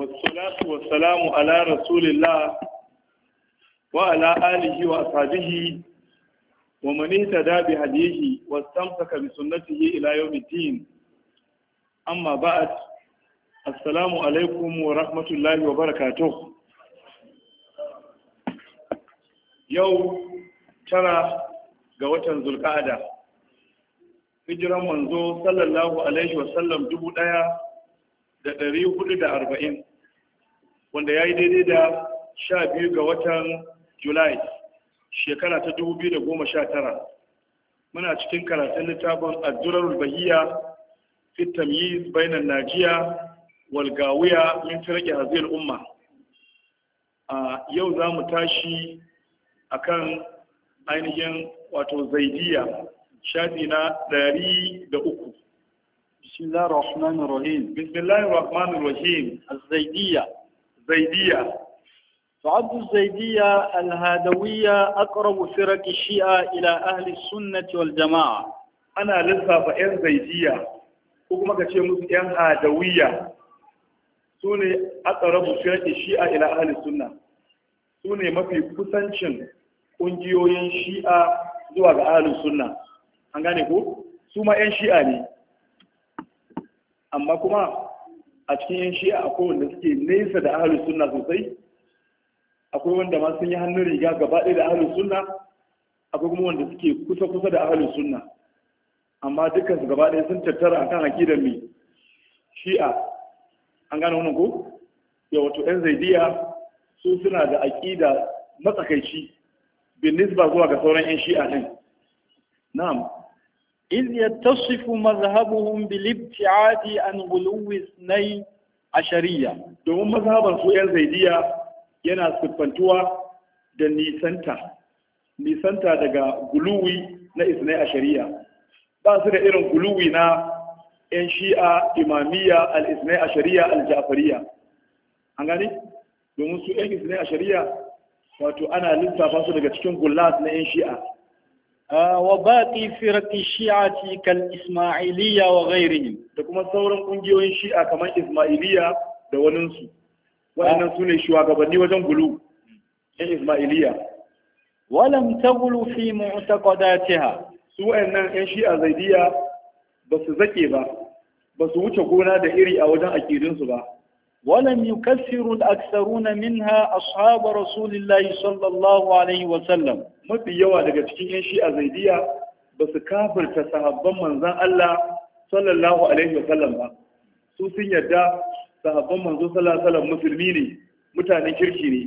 wasu wasalamu ala rasulillah wa ala alihi wa ashabihi wa man ihtada bi hadihi wastamsaka bi sunnatihi ila yawmiddin amma ba'd assalamu alaikum wa rahmatullahi wa barakatuh yau tara ga watan zulqa'ada hijiran manzo sallallahu alaihi wasallam dubu ɗaya da ɗari hudu da arba'in wanda ya yi daidai da sha biyu ga watan julai shekara ta dubu biyu da goma sha tara muna cikin karatun littafin addurarul bahiya fit tamyiz bainan najiya Walgawuya, gawiya min tarqi hazil umma a yau za mu tashi a kan ainihin wato zaidiya shafi na ɗari da uku bismillahir rahmanir rahim bismillahir rahmanir rahim az-zaidiyya الزيدية فعبد الزيدية الهادوية أقرب فرق الشيعة إلى أهل السنة والجماعة أنا لسا فإن زيدية وكما كتير مسئين هادوية سوني أقرب فرق الشيعة إلى أهل السنة سوني ما في كسنشن ƙungiyoyin shi'a zuwa ga ahalin sunna an gane ko su ma 'yan shi'a ne a cikin yan shi'a akwai wanda suke nesa da ahalus sunna sosai akwai wanda ma sun yi hannun riga gaba ɗaya da ahalus sunna akwai kuma wanda suke kusa kusa da ahalus sunna amma dukkan su gaba ɗaya sun tattara akan aqidar mai shi'a an gane wannan ko ya wato yan zaidiya su suna da aqida matsakaici bin nisba zuwa ga sauran yan shi'a din na'am إذ يتصف مذهبهم بالابتعاد عن غلو اثني عشرية domin mazhabar su yan zaidiya yana siffantuwa da nisanta nisanta daga guluwi na isnai ashariya ba su da irin guluwi na yan shi'a imamiyya al-isnai ashariya al-ja'fariya an gani domin su yan isnai ashariya wato ana lissafa su daga cikin gullat na yan shi'a wa baƙi firaki shi'ati kal ismailiya wa ghairihim da kuma sauran ƙungiyoyin shi'a kamar ismailiya da waninsu waɗannan su ne shugabanni wajen gulu in ismailiya walam tagulu fi mu'taqadatiha su waɗannan ƴan shi'a zaidiya ba su zake ba ba su wuce gona da iri a wajen aƙidinsu ba ولم يكثر الأكثرون منها أصحاب رسول الله صلى الله عليه وسلم ما بيوا daga cikin yan shi'a zaidiya ba su kafirta sahabban manzon Allah sallallahu alaihi wasallam ba su sun yarda sahabban manzon sallallahu alaihi wasallam musulmi ne mutanen kirki ne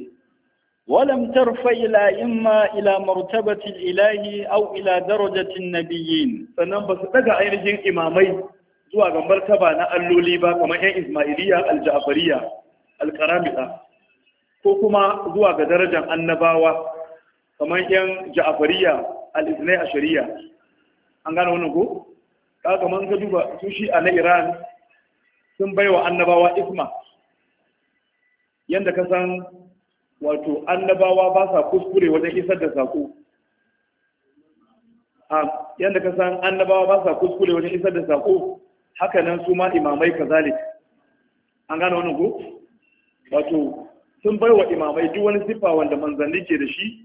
ولم ترفع إلى إما إلى مرتبة الإله أو إلى درجة النبيين sannan ba su daga ainihin imamai zuwa ga martaba na alloli ba kamar yan ismailiya al alkaramita ko kuma zuwa ga darajar annabawa kamar yan ja'afariya al-isnai ashariya an gane wannan ko kaga kamar ka duba su shi a na iran sun baiwa annabawa isma yanda ka san wato annabawa ba sa kuskure wajen isar da sako yanda ka san annabawa ba sa kuskure wajen isar da sako haka nan su ma imamai kazalik an gane wani ku? wato sun baiwa imamai duk wani siffa wanda manzanni ke da shi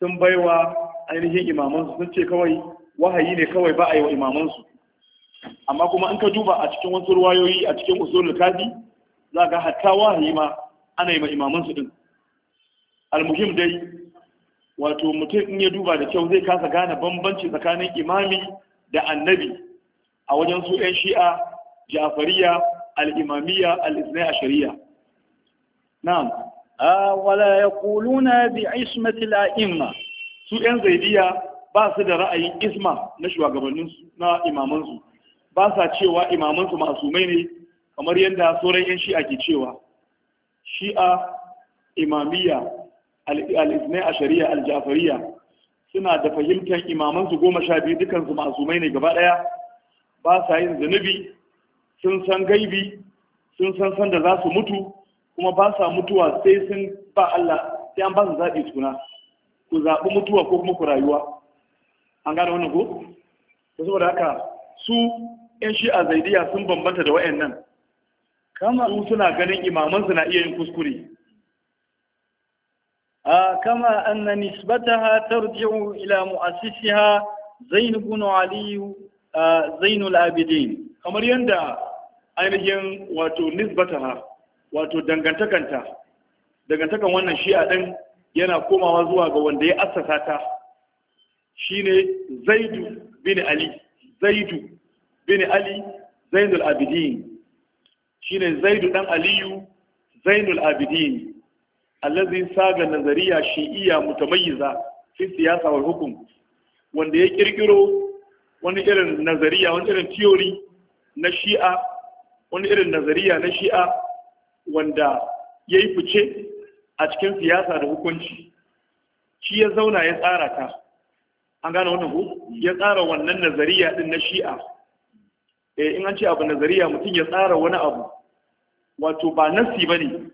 sun baiwa ainihin imamansu sun ce kawai wahayi ne kawai ba a yi wa imamansu amma kuma in ka duba a cikin wasu ruwayoyi a cikin usul kafi za ga hatta wahayi ma ana yi ma imamansu din almuhim dai wato mutum in ya duba da kyau zai kasa gane bambanci tsakanin imami da annabi a wajen su ɗan shi'a jafariya al'imamiya al'iznai a shari'a na'am wala ya kuluna bi ismati la'imma su ɗan zaidiya ba su da ra'ayin isma na shugabanninsu na imamansu ba sa cewa imamansu mai ne kamar yadda sauran 'yan shi'a ke cewa shi'a imamiya al'iznai a shari'a al-jafariya suna da fahimtar imamansu goma sha biyu dukansu mai ne gaba ɗaya ba sa yin zunubi sun san gaibi sun san san da za su mutu kuma ba sa mutuwa sai sun ba Allah sai an ba su zaɓi suna ku zaɓi mutuwa ko kuma ku rayuwa an gane wannan ko saboda haka su yan shi'a zaidiya sun bambanta da wayannan kama su suna ganin imaman su na iya yin kuskure a kama anna nisbataha tarji'u ila mu'assisiha zain ibn ali zainul abidin kamar yadda ainihin wato nisbataha wato dangantakanta dangantakan wannan shi a ɗin yana komawa zuwa ga wanda ya assasa ta ne zaidu bin ali zaidu bin ali zainul abidin ne zaidu ɗan aliyu zainul abidin allazi saga nazariya shi'iyya mutamayyiza fi siyasa wal hukum wanda ya kirkiro wani irin nazariya wani irin theory na shi'a wani irin nazariya na shi'a wanda ya yi fice a cikin siyasa da hukunci shi ya zauna ya tsara ta an gane wannan ku ya tsara wannan nazariya din na shi'a eh in an ce abu nazariya mutum ya tsara wani abu wato ba nasi ba ne